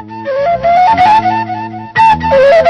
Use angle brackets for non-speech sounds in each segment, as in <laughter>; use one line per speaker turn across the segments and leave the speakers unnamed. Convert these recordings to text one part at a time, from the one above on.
Thank you.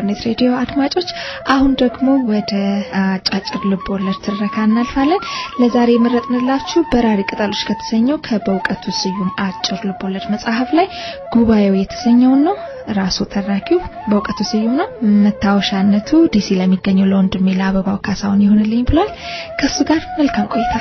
ኢንተርኔት ሬዲዮ አድማጮች፣ አሁን ደግሞ ወደ አጫጭር ልብ ወለድ ትረካ እናልፋለን። ለዛሬ የመረጥንላችሁ በራሪ ቅጠሎች ከተሰኘው ከበእውቀቱ ስዩም አጭር ልብ ወለድ መጽሐፍ ላይ ጉባኤው የተሰኘውን ነው። ራሱ ተራኪው በእውቀቱ ስዩም ነው። መታወሻነቱ ዲሲ ለሚገኘው ለወንድሜ ለአበባው ካሳሁን ይሁንልኝ ብሏል። ከሱ ጋር መልካም ቆይታ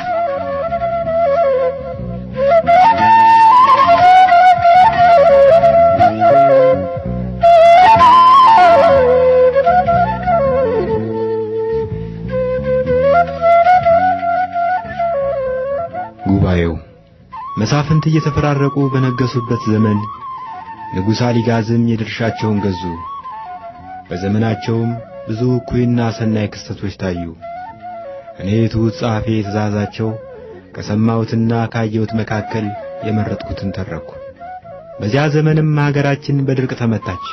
ጉባኤው መሳፍንት እየተፈራረቁ በነገሱበት ዘመን ንጉሥ አሊጋዝም የድርሻቸውን ገዙ። በዘመናቸውም ብዙ እኩይና ሰናይ ክስተቶች ታዩ። እኔ ትሑት ጸሐፌ ትእዛዛቸው ከሰማሁትና ካየሁት መካከል የመረጥኩትን ተረኩ። በዚያ ዘመንም ሀገራችን በድርቅ ተመታች።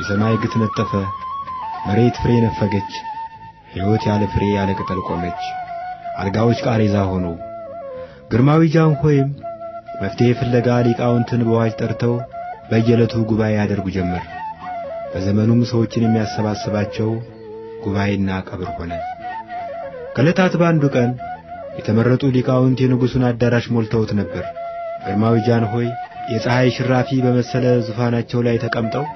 የሰማይ ግት ነጠፈ፣ መሬት ፍሬ ነፈገች። ሕይወት ያለ ፍሬ ያለ ቅጠል ቆመች። አልጋዎች ቃሬዛ ሆኑ። ግርማዊ ጃንሆይም መፍትሄ ፍለጋ ሊቃውንትን በዋጅ ጠርተው በየዕለቱ ጉባኤ ያደርጉ ጀመር። በዘመኑም ሰዎችን የሚያሰባስባቸው ጉባኤና ቀብር ሆነ። ከዕለታት በአንዱ ቀን የተመረጡ ሊቃውንት የንጉሡን አዳራሽ ሞልተውት ነበር። ግርማዊ ጃንሆይ የፀሐይ ሽራፊ በመሰለ ዙፋናቸው ላይ ተቀምጠው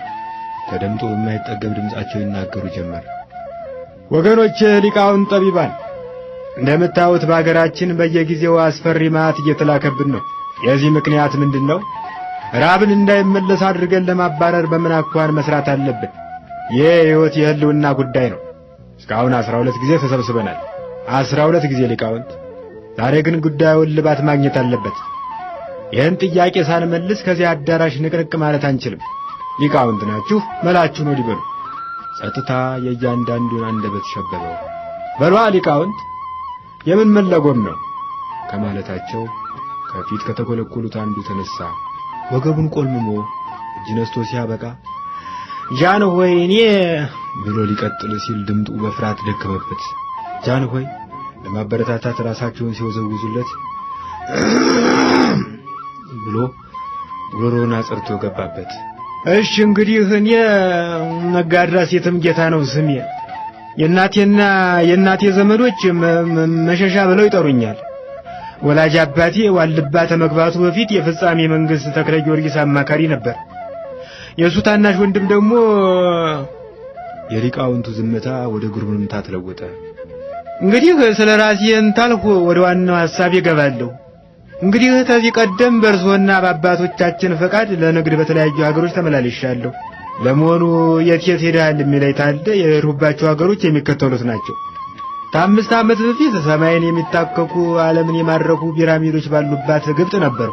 ተደምጦ በማይጠገብ ድምፃቸው ይናገሩ ጀመር።
ወገኖቼ ሊቃውንት ጠቢባን እንደምታዩት በአገራችን በየጊዜው አስፈሪ ማት እየተላከብን ነው። የዚህ ምክንያት ምንድን ነው? ራብን እንዳይመለስ አድርገን ለማባረር በምን አኳን መስራት አለብን? ይህ የሕይወት የህልውና ጉዳይ ነው። እስካሁን አስራ ሁለት ጊዜ ተሰብስበናል። አስራ ሁለት ጊዜ ሊቃውንት። ዛሬ ግን ጉዳዩን ልባት ማግኘት አለበት። ይህን ጥያቄ ሳንመልስ ከዚህ አዳራሽ ንቅንቅ ማለት አንችልም። ሊቃውንት ናችሁ፣ መላችሁን ነው በሉ። ጸጥታ የእያንዳንዱን አንደበት ሸበበው። በሏ ሊቃውንት የምን መላጎም ነው ከማለታቸው ከፊት ከተኮለኮሉት አንዱ ተነሳ። ወገቡን ቆልምሞ እጅ ነስቶ ሲያበቃ ጃንሆይ እኔ ብሎ ሊቀጥል ሲል ድምጡ በፍርሃት ደከመበት። ጃንሆይ ለማበረታታት ራሳቸውን ሲወዘውዙለት <clears throat> ብሎ ጉሮሮውን አጽርቶ ገባበት። እሺ እንግዲህ እኔ ነጋድራስ የትም ጌታ ነው ስሜ የእናቴና የእናቴ ዘመዶች መሸሻ ብለው ይጠሩኛል። ወላጅ አባቴ ዋልባ ከመግባቱ በፊት የፍጻሜ መንግስት ተክለ ጊዮርጊስ አማካሪ ነበር። የእሱ ታናሽ ወንድም ደግሞ
የሊቃውንቱ ዝምታ ወደ ግርምታ ተለወጠ።
እንግዲህ ስለ ራሴ እንታልሁ ወደ ዋናው ሐሳብ ይገባለሁ። እንግዲህ ከዚህ ቀደም በእርሶና በአባቶቻችን ፈቃድ ለንግድ በተለያዩ ሀገሮች ተመላልሻለሁ። ለመሆኑ የት የት ሄደሃል የሚለኝ ታለ የሄድሁባቸው ሀገሮች የሚከተሉት ናቸው። ከአምስት ዓመት በፊት ሰማይን የሚታከኩ ዓለምን የማረኩ ፒራሚዶች ባሉባት ግብጽ ነበሩ።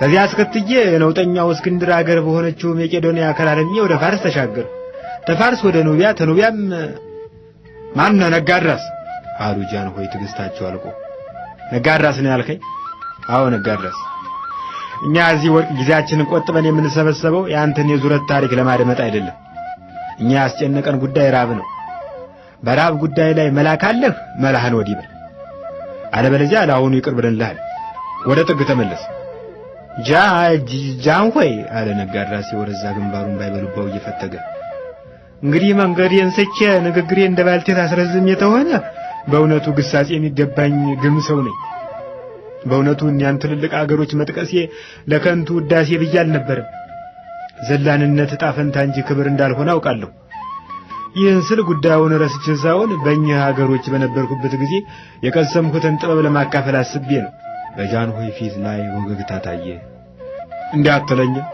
ከዚያ አስከትዬ የነውጠኛው እስክንድር አገር በሆነችው መቄዶንያ ከራርሜ ወደ ፋርስ ተሻገሩ። ተፋርስ ወደ ኑቢያ፣ ተኑቢያም ማን ነጋድራስ
አሉ። ጃን ሆይ ትግስታቸው አልቆ ነጋድራስ ነው ያልከኝ? አዎ ነጋድራስ እኛ እዚህ ወርቅ ጊዜያችንን ቆጥበን የምንሰበሰበው የአንተን የዙረት ታሪክ ለማድመጥ አይደለም። እኛ ያስጨነቀን ጉዳይ ራብ ነው። በራብ ጉዳይ ላይ መላ ካለህ መላህን ወዲህ በል፣ አለበለዚያ ለአሁኑ ይቅር ብለንልሃል። ወደ ጥግ ተመለስ። ጃ ጃንሆይ አለ ነጋድራሴ ወረዛ ግንባሩን ባይበልባው እየፈተገ
እንግዲህ መንገዴን ስቼ ንግግሬ እንደ ባልቴት አስረዝም የተሆነ በእውነቱ ግሳጼ የሚገባኝ ግም ሰው ነኝ። በእውነቱ እኒያን ትልልቅ አገሮች መጥቀሴ ለከንቱ ውዳሴ ብዬ አልነበርም። ዘላንነት ዕጣ ፈንታ እንጂ ክብር እንዳልሆነ አውቃለሁ። ይህን ስል ጉዳዩን ረስቼ ሳይሆን በእኚህ አገሮች በነበርኩበት ጊዜ የቀሰምኩትን ጥበብ ለማካፈል አስቤ ነው።
በጃንሆይ ፊት ላይ ወገግታ ታየ። እንዲህ አትለኝም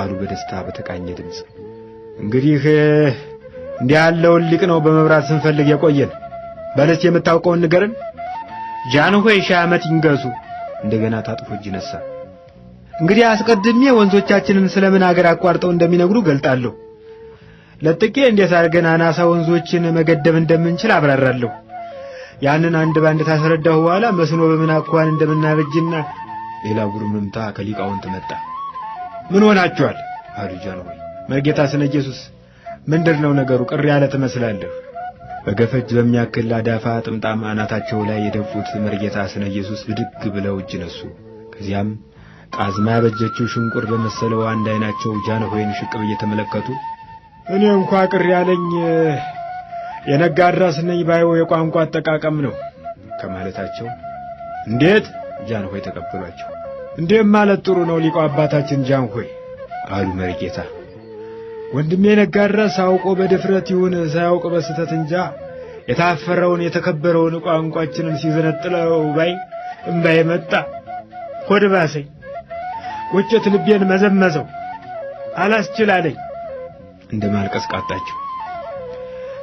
አሉ በደስታ በተቃኘ ድምፅ።
እንግዲህ እንዲህ ያለውን ሊቅ ነው በመብራት ስንፈልግ የቆየን። በለስ የምታውቀውን ነገርን ጃንሆይ ሺህ ዓመት ይንገሱ። እንደገና ታጥፎ እጅ ነሳ። እንግዲህ አስቀድሜ ወንዞቻችንን ስለምን አገር አቋርጠው እንደሚነግሩ ገልጣለሁ። ለጥቄ እንዴት አድርገን አናሳ ወንዞችን መገደብ እንደምንችል አብራራለሁ። ያንን አንድ ባንድ ታስረዳሁ በኋላ መስኖ በምን አኳን እንደምናበጅና
ሌላ ጉርምምታ ከሊቃውንት መጣ። ምን ሆናችኋል? አሉ ጃንሆይ። መርጌታ ስነ ኢየሱስ ምንድር ነው ነገሩ? ቅር ያለ ትመስላለህ። በገፈጅ በሚያክል አዳፋ ጥምጣም አናታቸው ላይ የደፉት መርጌታ ስነ ኢየሱስ ብድግ ብለው እጅ ነሱ። ከዚያም ጣዝማ ያበጀችው ሽንቁር በመሰለው አንድ አይናቸው ጃንሆይን ሽቅብ እየተመለከቱ
እኔ እንኳ ቅር ያለኝ የነጋ አድራስ ነኝ ባይው የቋንቋ አጠቃቀም ነው
ከማለታቸው እንዴት ጃንሆይ ተቀበሏቸው። እንዴት ማለት ጥሩ ነው ሊቀው አባታችን ጃንሆይ አሉ መርጌታ።
ወንድሜ ነጋድራ ሳውቆ በድፍረት ይሁን ሳያውቅ በስተት እንጃ የታፈረውን የተከበረውን ቋንቋችንን ሲዘነጥለው ባይ እምባዬ መጣ፣ ሆድ ባሰኝ፣ ቁጭት ልቤን መዘመዘው፣ አላስችል አለኝ።
እንደ ማልቀስ ቃጣችሁ።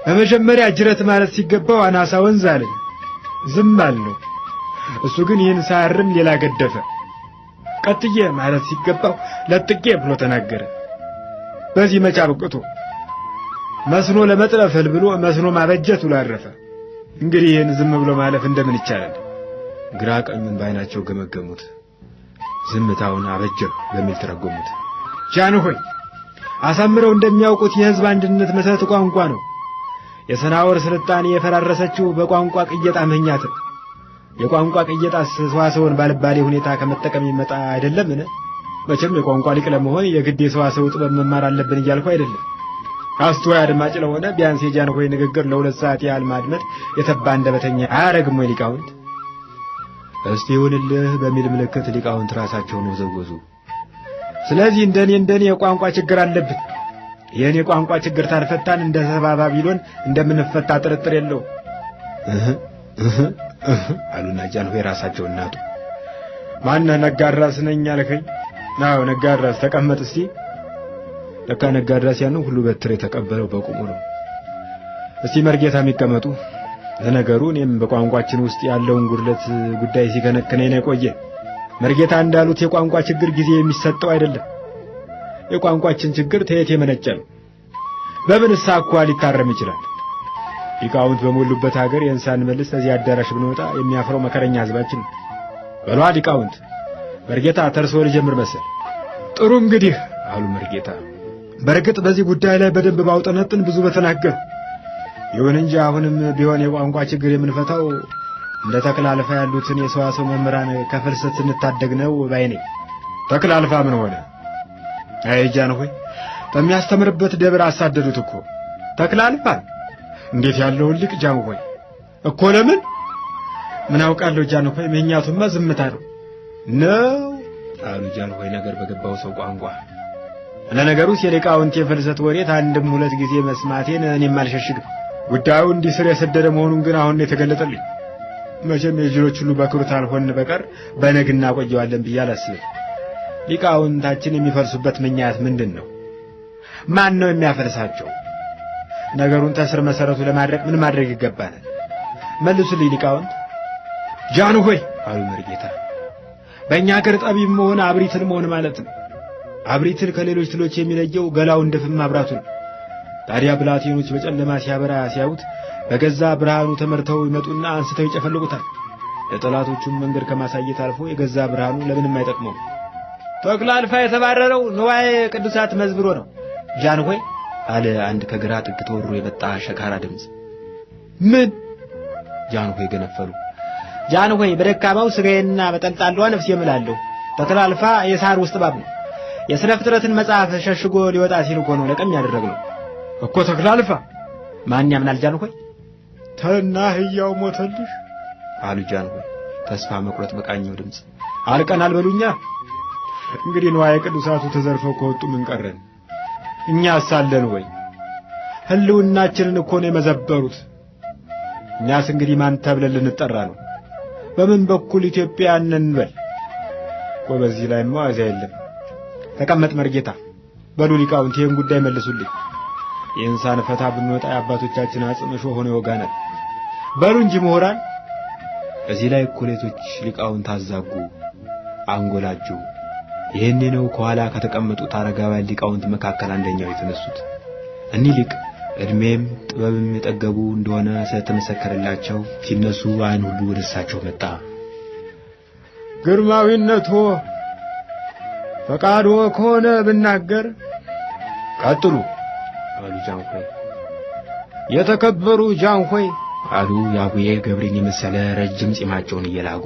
በመጀመሪያ ጅረት ማለት ሲገባው አናሳ ወንዝ አለኝ፣ ዝም አልነው። እሱ ግን ይህን ሳርም ሌላ ገደፈ። ቀጥዬ ማለት ሲገባው ለጥቄ ብሎ ተናገረ። በዚህ መች አብቅቶ መስኖ ለመጥረፍ ብሎ መስኖ ማበጀት ብሎ አረፈ። እንግዲህ ይህን ዝም ብሎ ማለፍ እንደምን ይቻላል?
ግራ ቀኙን በዓይናቸው ገመገሙት። ዝምታውን አበጀብ በሚል ተረጎሙት።
ጃን ሆይ አሳምረው እንደሚያውቁት የህዝብ አንድነት መሰረት ቋንቋ ነው። የሰናወር ስልጣኔ የፈራረሰችው በቋንቋ ቅየጣ ምክንያት። የቋንቋ ቅየጣ ሰዋሰውን ባልባሌ ሁኔታ ከመጠቀም ይመጣ አይደለምን? መቼም የቋንቋ ሊቅ ለመሆን የግድ የሰዋሰው ጥበብ መማር አለብን እያልኩ አይደለም። አስተዋይ አድማጭ ለሆነ ቢያንስ የጃንሆይ ንግግር ለሁለት ሰዓት ያህል ማድመጥ የተባ እንደበተኛ አያረግም ወይ ሊቃውንት?
እስቲ ይሁንልህ በሚል ምልክት ሊቃውንት ራሳቸውን ወዘወዙ።
ስለዚህ እንደኔ እንደኔ የቋንቋ ችግር አለብን። የእኔ የቋንቋ ችግር ታልፈታን እንደ ሰባባ ቢሎን እንደምንፈታ ጥርጥር የለው
አሉና ጃንሆይ ራሳቸው እናቱ
ማነህ ነጋድራስ ነኝ አልከኝ ናው ነጋድራስ ተቀመጥ እስቲ። ለካ ነጋድራስ ያንን ሁሉ በትር የተቀበለው በቁሙ ነው። እስቲ መርጌታ የሚቀመጡ ለነገሩ እኔም በቋንቋችን ውስጥ ያለውን ጉድለት ጉዳይ ሲከነክነኝ ነው የቆየ። መርጌታ እንዳሉት የቋንቋ ችግር ጊዜ የሚሰጠው አይደለም። የቋንቋችን ችግር ተየት የመነጨ ነው። በምን ሳኳ ሊታረም ይችላል? ሊቃውንት በሞሉበት ሀገር የእንሳን መልስ እዚህ አዳራሽ ብንወጣ የሚያፍረው መከረኛ ህዝባችን በሏ ሊቃውንት መርጌታ ተርሶ ልጀምር መሰል። ጥሩ እንግዲህ አሉ መርጌታ። በእርግጥ በዚህ ጉዳይ ላይ በደንብ ባውጠነጥን ብዙ በተናገር። ይሁን እንጂ አሁንም ቢሆን የቋንቋ ችግር የምንፈታው እንደ ተክላልፋ ያሉትን የሰዋሰው መምህራን ከፍልሰት ስንታደግ ነው ባይኔ። ነኝ። ተክላልፋ ምን ሆነ? አይ ጃንሆይ በሚያስተምርበት ደብር አሳደዱት እኮ ተክላልፋ። እንዴት ያለውን ልቅ ጃንሆይ እኮ ለምን? ምን አውቃለሁ ጃንሆይ፣ መኛቱማ ዝምታ ነው። ነው
አሉ ጃንሆይ ነገር በገባው ሰው ቋንቋ።
ለነገሩ የሊቃውንት የፍልሰት ወሬት አንድም ሁለት ጊዜ መስማቴን እኔም አልሸሽግም። ጉዳዩ እንዲህ ስር የሰደደ መሆኑን ግን አሁን የተገለጠልኝ። መቼም የጅሎች ሁሉ በክሩት አልሆን በቀር በነግ እናቆየዋለን ብዬ አላስብም። ሊቃውንታችን የሚፈርሱበት ምኛት ምንድን ነው? ማን ነው የሚያፈርሳቸው? ነገሩን ተስር መሰረቱ ለማድረግ ምን ማድረግ ይገባናል? መልሱልኝ ሊቃውንት። ጃንሆይ አሉ መርጌታ በእኛ ሀገር ጠቢብ መሆን አብሪትን መሆን ማለት ነው። አብሪትን ከሌሎች ትሎች የሚለየው ገላው እንደ ፍም ማብራቱ ነው። ታዲያ ብላቴኖች በጨለማ ሲያበራ ሲያዩት በገዛ ብርሃኑ ተመርተው ይመጡና አንስተው ይጨፈልቁታል። ለጠላቶቹም መንገድ ከማሳየት አልፎ የገዛ ብርሃኑ ለምንም አይጠቅመው? ተክለ አልፋ የተባረረው ንዋየ ቅዱሳት መዝብሮ ነው። ጃንሆይ
አለ አንድ ከግራ ጥግ ተወሮ የመጣ ሸካራ ድምፅ። ምን ጃንሆይ ገነፈሉ።
ጃን ሆይ በደካማው ሥጋዬና በጠንጣሏ ነፍስ እምላለሁ። ተተላልፋ የሳር ውስጥ ባብ ነው። የሥነ ፍጥረትን መጽሐፍ ሸሽጎ ሊወጣ ሲል እኮ ነው ለቀም ያደረግነው እኮ ተክላልፋ ማን ያምናል ጃን ሆይ? ተና ህያው ሞተልሽ
አሉ ጃን ሆይ ተስፋ መቁረጥ በቃኘው ድምፅ።
አልቀናል በሉኛ እንግዲህ ንዋየ ቅዱሳቱ ተዘርፈው ከወጡ ምን ቀረን? እኛ አሳለን ወይ? ህልውናችንን እኮ ነው የመዘበሩት። እኛስ እንግዲህ ማን ተብለን ልንጠራ ነው? በምን በኩል ኢትዮጵያ እንበል? ቆይ በዚህ ላይ መዋዣ የለም። ተቀመጥ መርጌታ። በሉ ሊቃውንት ይህን ጉዳይ መልሱልኝ። የእንሳን ፈታ ብንወጣ የአባቶቻችን አጽም እሾህ ሆኖ ይወጋናል። በሉ እንጂ ምሁራን።
በዚህ ላይ እኩሌቶች ሊቃውንት አዛጉ፣ አንጎላጁ። ይህኔ ነው ከኋላ ከተቀመጡት አረጋውያን ሊቃውንት መካከል አንደኛው የተነሱት እኒህ ሊቅ እድሜም ጥበብም የጠገቡ እንደሆነ ስለተመሰከረላቸው ሲነሱ ዓይን ሁሉ ወደ እሳቸው መጣ።
ግርማዊነቶ ፈቃዶ ከሆነ ብናገር
ቀጥሉ አሉ ጃንሆይ።
የተከበሩ ጃንሆይ
አሉ የአቡዬ ገብሬን የመሰለ ረጅም ጺማቸውን እየላጉ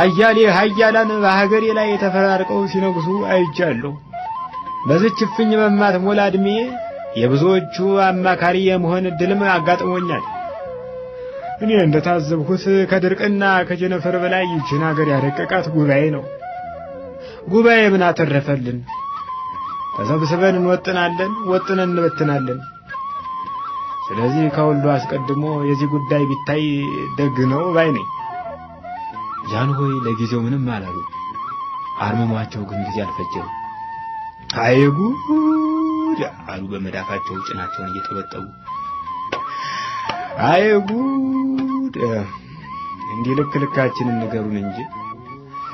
አያሌ ኃያላን በሀገሬ ላይ ተፈራርቀው ሲነግሱ አይቻለሁ። ችፍኝ መማት ሞላ ዕድሜ የብዙዎቹ አማካሪ የመሆን እድልም አጋጥሞኛል። እኔ እንደታዘብኩት ከድርቅና ከጀነፈር በላይ ይችን አገር ያደቀቃት ጉባኤ ነው። ጉባኤ ምን አተረፈልን? ተሰብስበን እንወጥናለን፣ ወጥነን እንበትናለን። ስለዚህ ከሁሉ አስቀድሞ የዚህ ጉዳይ ቢታይ ደግ ነው ባይ ነኝ።
ጃንሆይ ለጊዜው ምንም አላሉ። አርመሟቸው ግን ጊዜ አልፈጀም።
አይጉ አሉ
በመዳፋቸው ጭናቸውን እየጠበጠቡ።
አይ ጉድ! እንዲህ ልክ ልካችንን ንገሩን እንጂ።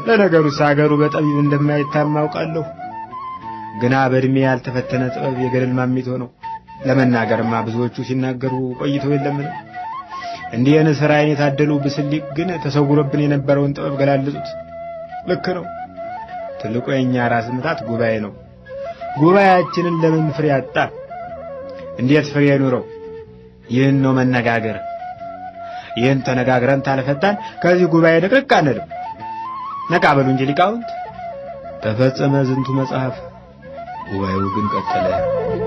ለነገሩስ አገሩ በጠቢብ እንደማይታማ አውቃለሁ። ግና በእድሜ ያልተፈተነ ጥበብ የገደል ማሚቶ ነው። ለመናገርማ ብዙዎቹ ሲናገሩ ቆይተው የለምን። እንዲህ የንስር ዓይን የታደሉ ብስሊቅ ግን ተሰውሮብን የነበረውን ጥበብ ገላለጡት። ልክ ነው። ትልቁ የእኛ ራስ ምታት ጉባኤ ነው። ጉባኤያችንን ለምን ፍሬ አጣ? እንዴት ፍሬ ይኑረው? ይህን ነው መነጋገር። ይህን ተነጋግረን ታልፈታን ከዚህ ጉባኤ ደቅቅ አንልም። ነቃ በሉ እንጂ ሊቃውንት።
ተፈጸመ ዝንቱ መጽሐፍ፣ ጉባኤው ግን ቀጠለ።